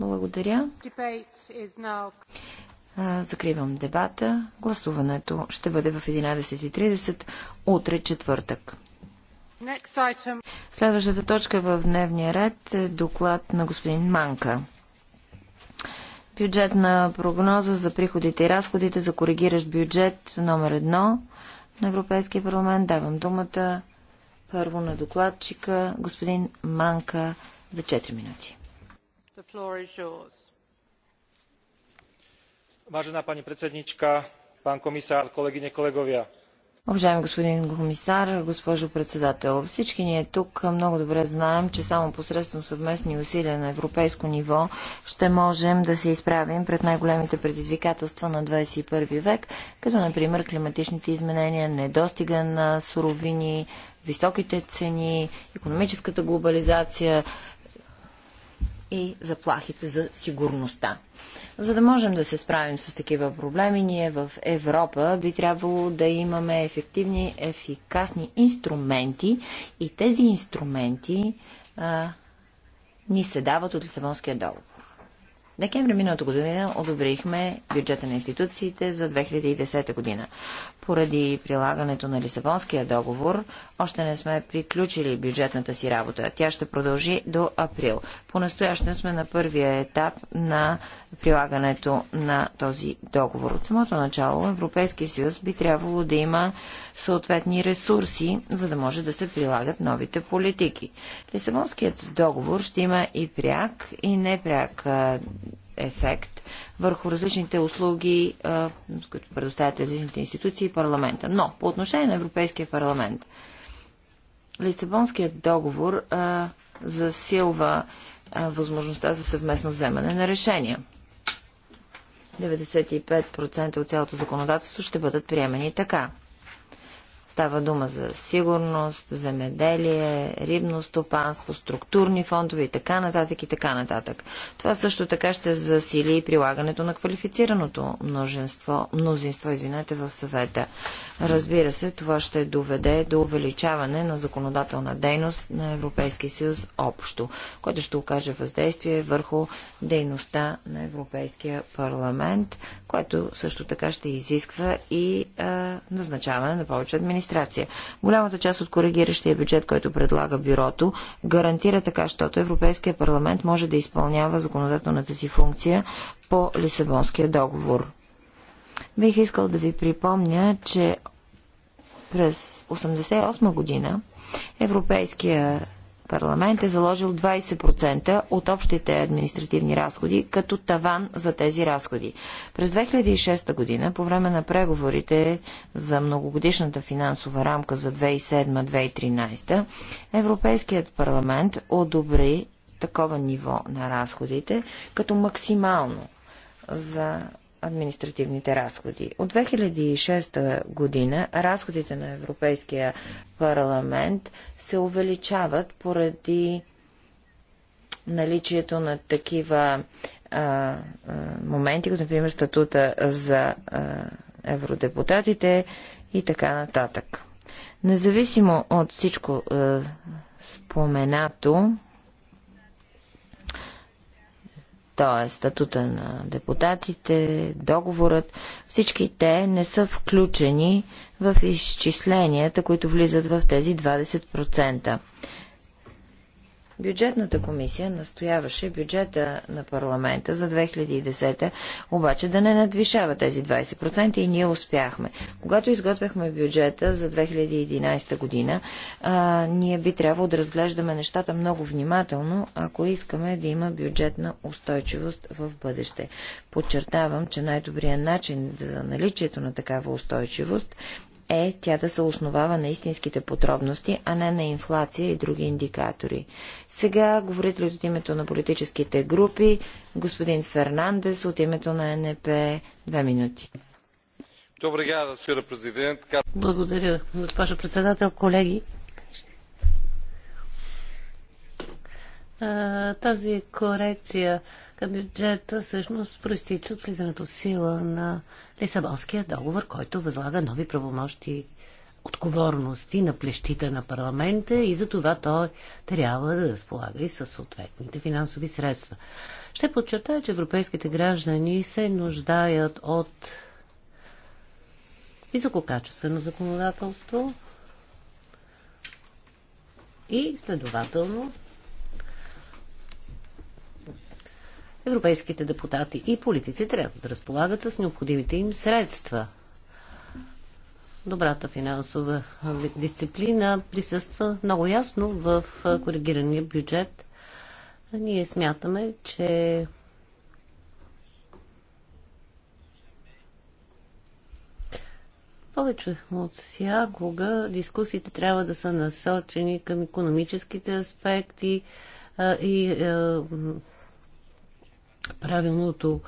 Благодаря. Закривам дебата. Гласуването ще бъде в 11.30 утре четвъртък. Следващата точка в дневния ред е доклад на господин Манка. Бюджетна прогноза за приходите и разходите за коригиращ бюджет номер едно на Европейския парламент. Давам думата първо на докладчика господин Манка за 4 минути. Vážená pani predsedníčka pán komisár kolegyne, kolegovia. Уважаеми господин комисар, госпожо председател, всички ние тук много добре знаем, че само посредством съвместни усилия на европейско ниво ще можем да се изправим пред най-големите предизвикателства на 21 век, като например климатичните изменения, недостига на суровини, високите цени, економическата глобализация, и заплахите за сигурността. За да можем да се справим с такива проблеми, ние в Европа би трябвало да имаме ефективни, ефикасни инструменти и тези инструменти а, ни се дават от Лисабонския договор. Декември миналата година одобрихме бюджета на институциите за 2010 година. Поради прилагането на Лисабонския договор, още не сме приключили бюджетната си работа. Тя ще продължи до април. По-настоящем сме на първия етап на прилагането на този договор. От самото начало Европейския съюз би трябвало да има съответни ресурси, за да може да се прилагат новите политики. Лисабонският договор ще има и пряк, и непряк ефект върху различните услуги, които предоставят различните институции и парламента. Но по отношение на Европейския парламент, Лисабонският договор а, засилва а, възможността за съвместно вземане на решения. 95% от цялото законодателство ще бъдат приемени така. Става дума за сигурност, земеделие, рибно стопанство, структурни фондове и така нататък и така нататък. Това също така ще засили и прилагането на квалифицираното множество, мнозинство извинете, в съвета. Разбира се, това ще доведе до увеличаване на законодателна дейност на Европейския съюз общо, което ще окаже въздействие върху дейността на Европейския парламент, което също така ще изисква и а, назначаване на повече администрация администрация. Голямата част от коригиращия бюджет, който предлага бюрото, гарантира така, защото Европейския парламент може да изпълнява законодателната си функция по Лисабонския договор. Бих искал да ви припомня, че през 1988 година Европейския парламент е заложил 20% от общите административни разходи като таван за тези разходи. През 2006 година, по време на преговорите за многогодишната финансова рамка за 2007-2013, Европейският парламент одобри такова ниво на разходите като максимално за административните разходи. От 2006 година разходите на Европейския парламент се увеличават поради наличието на такива а, а, моменти, като например статута за а, евродепутатите и така нататък. Независимо от всичко а, споменато, т.е. статута на депутатите, договорът, всички те не са включени в изчисленията, които влизат в тези 20%. Бюджетната комисия настояваше бюджета на парламента за 2010 обаче да не надвишава тези 20% и ние успяхме. Когато изготвяхме бюджета за 2011 година, а, ние би трябвало да разглеждаме нещата много внимателно, ако искаме да има бюджетна устойчивост в бъдеще. Подчертавам, че най-добрият начин за наличието на такава устойчивост е тя да се основава на истинските подробности, а не на инфлация и други индикатори. Сега говорителят от името на политическите групи, господин Фернандес от името на НП, две минути. Благодаря, госпожо председател, колеги. Тази корекция към бюджета всъщност проистича от влизането в сила на Лисабонския договор, който възлага нови правомощи отговорности на плещите на парламента и за това той трябва да разполага и със съответните финансови средства. Ще подчертая, че европейските граждани се нуждаят от висококачествено законодателство и следователно Европейските депутати и политици трябва да разполагат с необходимите им средства. Добрата финансова дисциплина присъства много ясно в коригирания бюджет. Ние смятаме, че повече от всякога дискусиите трябва да са насочени към економическите аспекти и правилното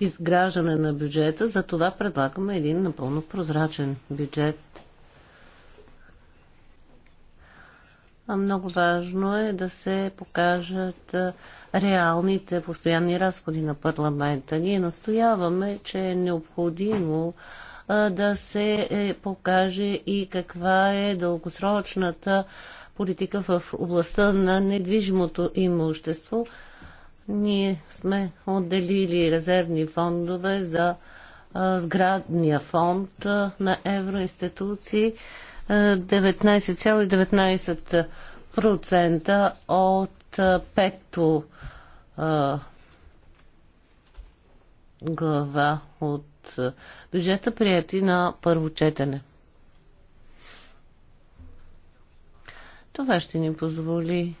изграждане на бюджета, за това предлагаме един напълно прозрачен бюджет. А много важно е да се покажат реалните постоянни разходи на парламента. Ние настояваме, че е необходимо да се е, покаже и каква е дългосрочната политика в областта на недвижимото имущество – ние сме отделили резервни фондове за сградния фонд на евроинституции 19,19% от пето глава от бюджета, прияти на първо четене. Това ще ни позволи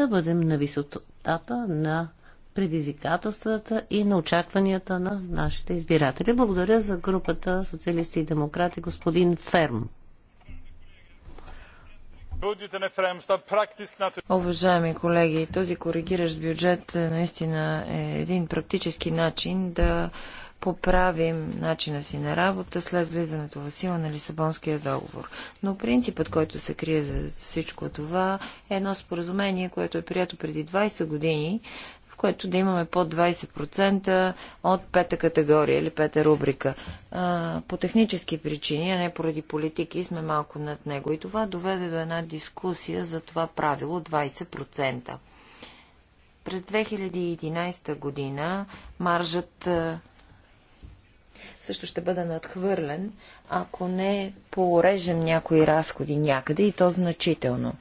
да бъдем на висотата на предизвикателствата и на очакванията на нашите избиратели. Благодаря за групата Социалисти и демократи, господин Ферм. Уважаеми колеги, този коригиращ бюджет наистина е един практически начин да поправим начина си на работа след влизането в сила на Лисабонския договор. Но принципът, който се крие за всичко това, е едно споразумение, което е прието преди 20 години, в което да имаме под 20% от пета категория или пета рубрика. А, по технически причини, а не поради политики, сме малко над него. И това доведе до една дискусия за това правило 20%. През 2011 година маржът също ще бъда надхвърлен, ако не поорежем някои разходи някъде и то значително.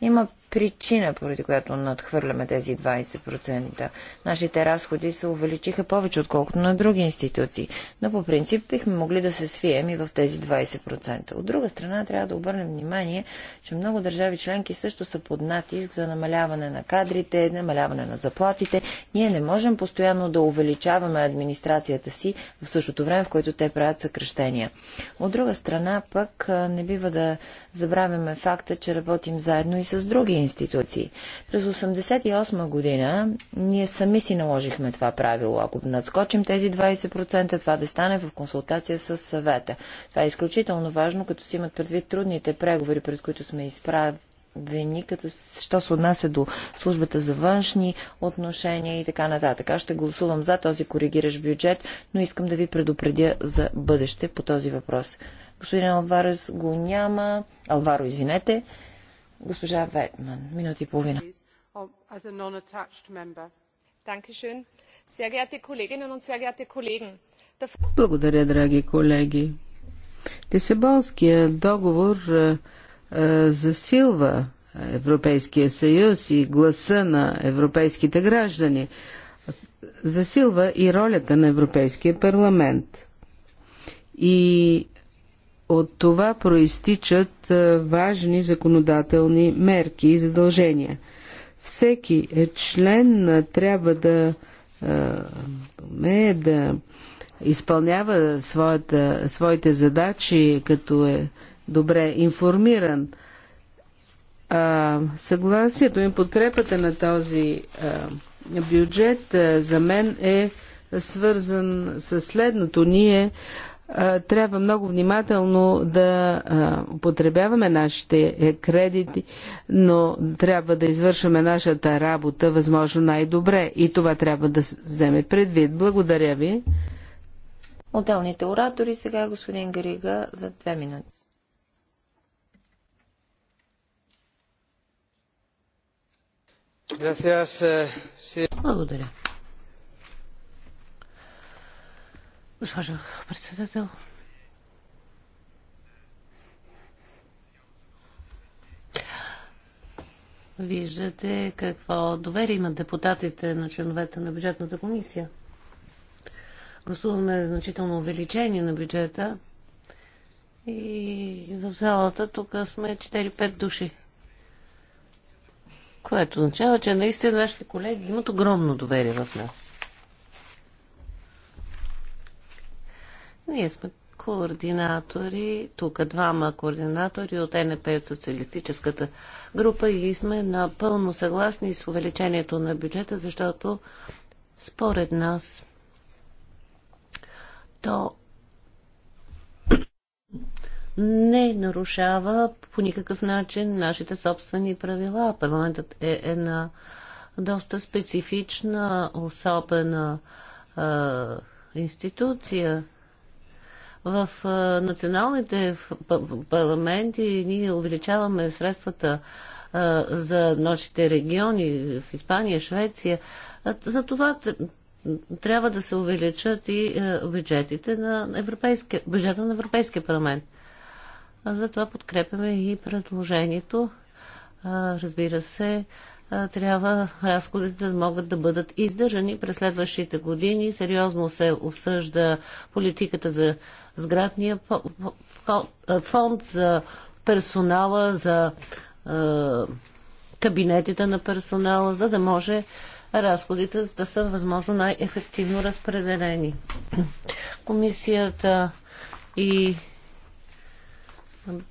Има причина, поради която надхвърляме тези 20%. Нашите разходи се увеличиха повече, отколкото на други институции, но по принцип бихме могли да се свием и в тези 20%. От друга страна, трябва да обърнем внимание, че много държави членки също са под натиск за намаляване на кадрите, намаляване на заплатите. Ние не можем постоянно да увеличаваме администрацията си в същото време, в което те правят съкръщения. От друга страна, пък не бива да забравяме факта, че работим заедно и с други институции. През 1988 година ние сами си наложихме това правило. Ако надскочим тези 20%, това да стане в консултация с съвета. Това е изключително важно, като си имат предвид трудните преговори, пред които сме изправени вени, като що се отнася до службата за външни отношения и така нататък. Аз ще гласувам за този коригиращ бюджет, но искам да ви предупредя за бъдеще по този въпрос. Господин Алварес го няма. Алваро, извинете. Госпожа Ветман, минути и половина. Благодаря, драги колеги. Лисабонският договор е, е, засилва Европейския съюз и гласа на европейските граждани. Засилва и ролята на Европейския парламент. И от това проистичат е, важни законодателни мерки и задължения. Всеки е член е, трябва да умее да изпълнява своята, своите задачи, като е добре информиран. А, съгласието и подкрепата на този а, бюджет а, за мен е свързан с следното. Ние а, трябва много внимателно да употребяваме нашите е, кредити, но трябва да извършваме нашата работа възможно най-добре и това трябва да вземе предвид. Благодаря ви. Отделните оратори сега господин Гарига за две минути. Eh, Благодаря. Госпожо председател, Виждате какво доверие имат депутатите на членовете на бюджетната комисия. Гласуваме значително увеличение на бюджета и в залата тук сме 4-5 души. Което означава, че наистина нашите колеги имат огромно доверие в нас. Ние сме координатори, тук двама координатори от НП от социалистическата група и сме напълно съгласни с увеличението на бюджета, защото според нас то не нарушава по никакъв начин нашите собствени правила. Парламентът е една доста специфична, особена е, институция в националните парламенти ние увеличаваме средствата за нашите региони в Испания, Швеция. За това трябва да се увеличат и бюджетите на бюджета на Европейския парламент. Затова подкрепяме и предложението. Разбира се, трябва разходите да могат да бъдат издържани през следващите години. Сериозно се обсъжда политиката за сградния фонд, за персонала, за кабинетите на персонала, за да може разходите да са възможно най-ефективно разпределени. Комисията и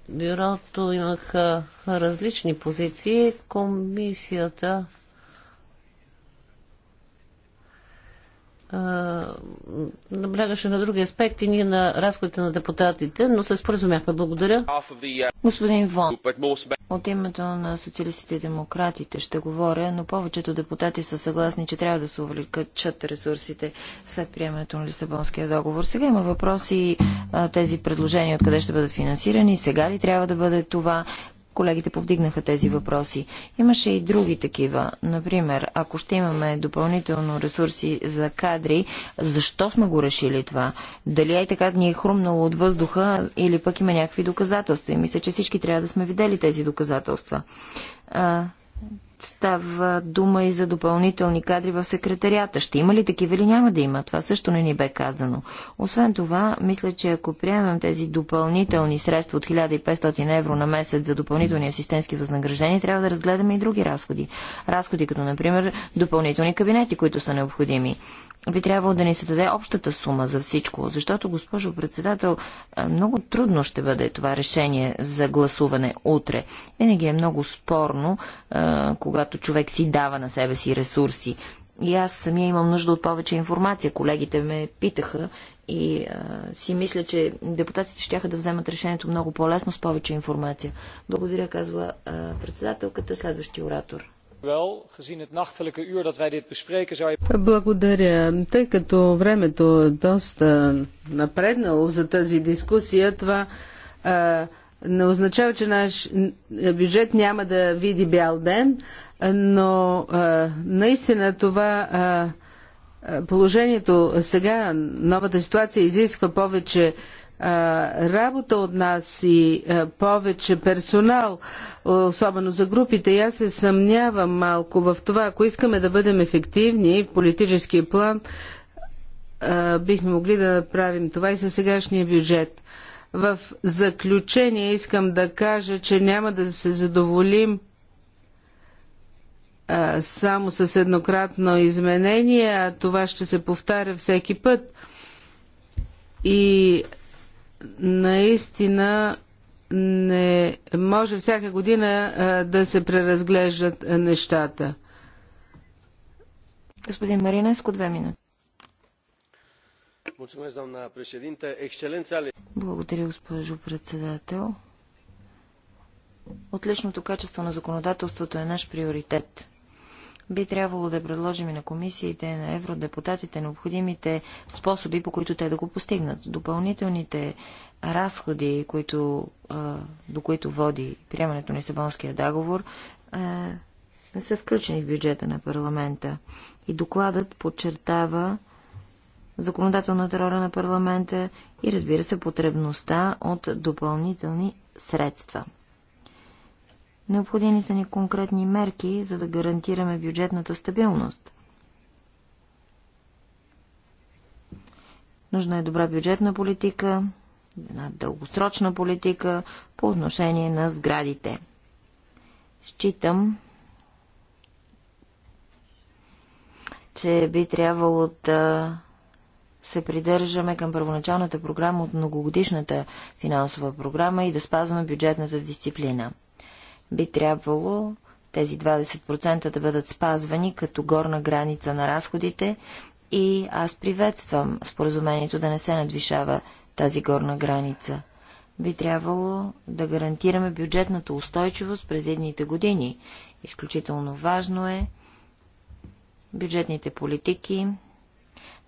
бюрото имаха различни позиции. Комисията наблягаше на други аспекти, ние на разходите на депутатите, но се споразумяхме. Благодаря. Господин Вон, от името на социалистите и демократите ще говоря, но повечето депутати са съгласни, че трябва да се увеличат ресурсите след приемането на Лисабонския договор. Сега има въпроси тези предложения, откъде ще бъдат финансирани, сега ли трябва да бъде това, Колегите повдигнаха тези въпроси. Имаше и други такива. Например, ако ще имаме допълнително ресурси за кадри, защо сме го решили това? Дали е така ни е хрумнало от въздуха или пък има някакви доказателства? И мисля, че всички трябва да сме видели тези доказателства. Става дума и за допълнителни кадри в секретарията. Ще има ли такива или няма да има? Това също не ни бе казано. Освен това, мисля, че ако приемем тези допълнителни средства от 1500 евро на месец за допълнителни асистентски възнаграждения, трябва да разгледаме и други разходи. Разходи като, например, допълнителни кабинети, които са необходими би трябвало да ни се даде общата сума за всичко, защото, госпожо председател, много трудно ще бъде това решение за гласуване утре. Винаги е много спорно, когато човек си дава на себе си ресурси. И аз самия имам нужда от повече информация. Колегите ме питаха и а, си мисля, че депутатите ще да вземат решението много по-лесно с повече информация. Благодаря, казва а, председателката, следващия оратор. Благодаря. Тъй като времето е доста е, напреднало за тази дискусия, това а, е, не означава, че наш бюджет няма да види бял ден, но а, е, наистина това а, положението сега, новата ситуация изисква повече а, работа от нас и повече персонал, особено за групите. И аз се съмнявам малко в това. Ако искаме да бъдем ефективни в политически план, бихме могли да правим това и със сегашния бюджет. В заключение искам да кажа, че няма да се задоволим само с еднократно изменение, а това ще се повтаря всеки път. И наистина не може всяка година а, да се преразглеждат нещата. Господин Маринеско, две минути. Благодаря, госпожо председател. Отличното качество на законодателството е наш приоритет. Би трябвало да предложим и на комисиите, на евродепутатите необходимите способи, по които те да го постигнат. Допълнителните разходи, които, до които води приемането на Лисабонския договор, не са включени в бюджета на парламента. И докладът подчертава законодателната роля на парламента и разбира се потребността от допълнителни средства. Необходими са ни конкретни мерки, за да гарантираме бюджетната стабилност. Нужна е добра бюджетна политика, една дългосрочна политика по отношение на сградите. Считам, че би трябвало да се придържаме към първоначалната програма от многогодишната финансова програма и да спазваме бюджетната дисциплина – би трябвало тези 20% да бъдат спазвани като горна граница на разходите и аз приветствам споразумението да не се надвишава тази горна граница. Би трябвало да гарантираме бюджетната устойчивост през едните години. Изключително важно е бюджетните политики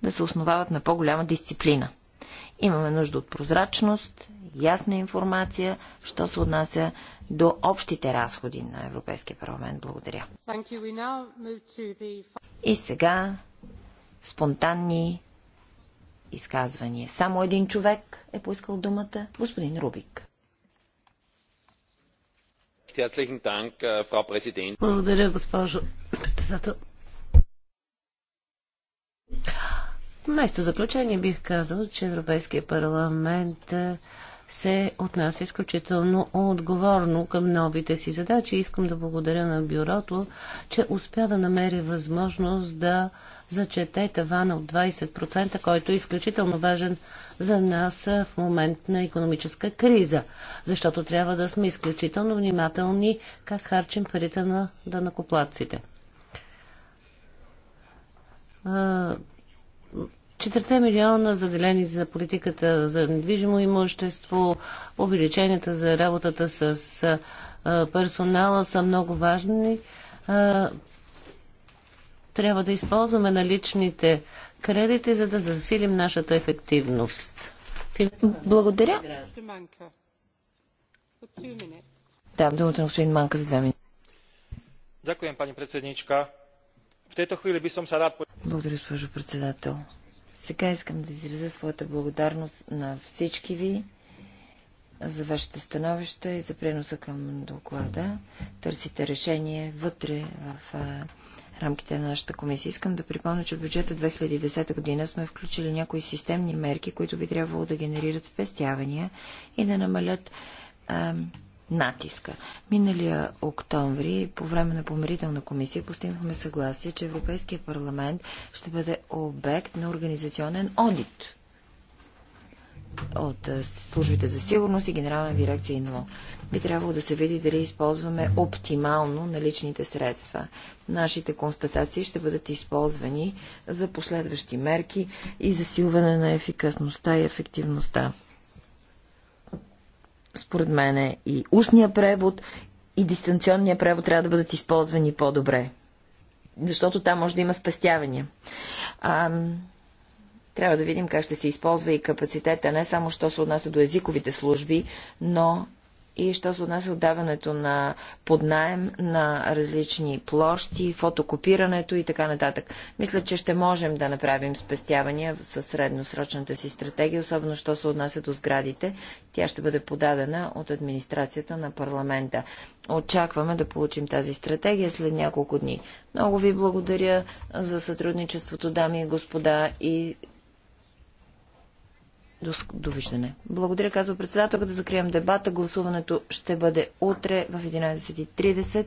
да се основават на по-голяма дисциплина. Имаме нужда от прозрачност, ясна информация, що се отнася до общите разходи на Европейския парламент. Благодаря. И сега спонтанни изказвания. Само един човек е поискал думата. Господин Рубик. Äh, Благодаря, госпожо председател. Вместо заключение бих казал, че Европейския парламент е, се отнася изключително отговорно към новите си задачи. Искам да благодаря на бюрото, че успя да намери възможност да зачете тавана от 20%, който е изключително важен за нас е, в момент на економическа криза, защото трябва да сме изключително внимателни как харчим парите на данакоплаците. Е, 4 милиона заделени за политиката за недвижимо имущество, увеличенията за работата с персонала са много важни. Трябва да използваме наличните кредити, за да засилим нашата ефективност. Благодаря. Да, думата на господин Манка за две минути. Дякуем, пани председничка в тето хвили би съм сада... Благодаря, госпожо председател. Сега искам да изреза своята благодарност на всички ви за вашите становища и за преноса към доклада. Търсите решение вътре в рамките на нашата комисия. Искам да припомня, че в бюджета 2010 година сме включили някои системни мерки, които би трябвало да генерират спестявания и да намалят натиска. Миналия октомври, по време на помирителна комисия, постигнахме съгласие, че Европейския парламент ще бъде обект на организационен одит от службите за сигурност и Генерална дирекция ИНЛО. Би трябвало да се види дали използваме оптимално наличните средства. Нашите констатации ще бъдат използвани за последващи мерки и засилване на ефикасността и ефективността според мен е и устния превод, и дистанционния превод трябва да бъдат използвани по-добре. Защото там може да има спестявания. А, трябва да видим как ще се използва и капацитета, не само що се отнася до езиковите служби, но и що се отнася отдаването на поднаем на различни площи, фотокопирането и така нататък. Мисля, че ще можем да направим спестявания с средносрочната си стратегия, особено що се отнася до сградите. Тя ще бъде подадена от администрацията на парламента. Очакваме да получим тази стратегия след няколко дни. Много ви благодаря за сътрудничеството, дами и господа, и Довиждане. Благодаря, казва председателка, да закрием дебата. Гласуването ще бъде утре в 11.30,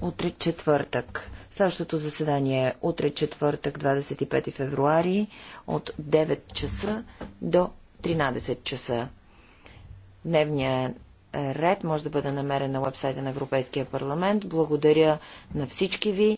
утре четвъртък. Следващото заседание е утре четвъртък, 25 февруари, от 9 часа до 13 часа. Дневният ред може да бъде намерен на вебсайта на Европейския парламент. Благодаря на всички ви.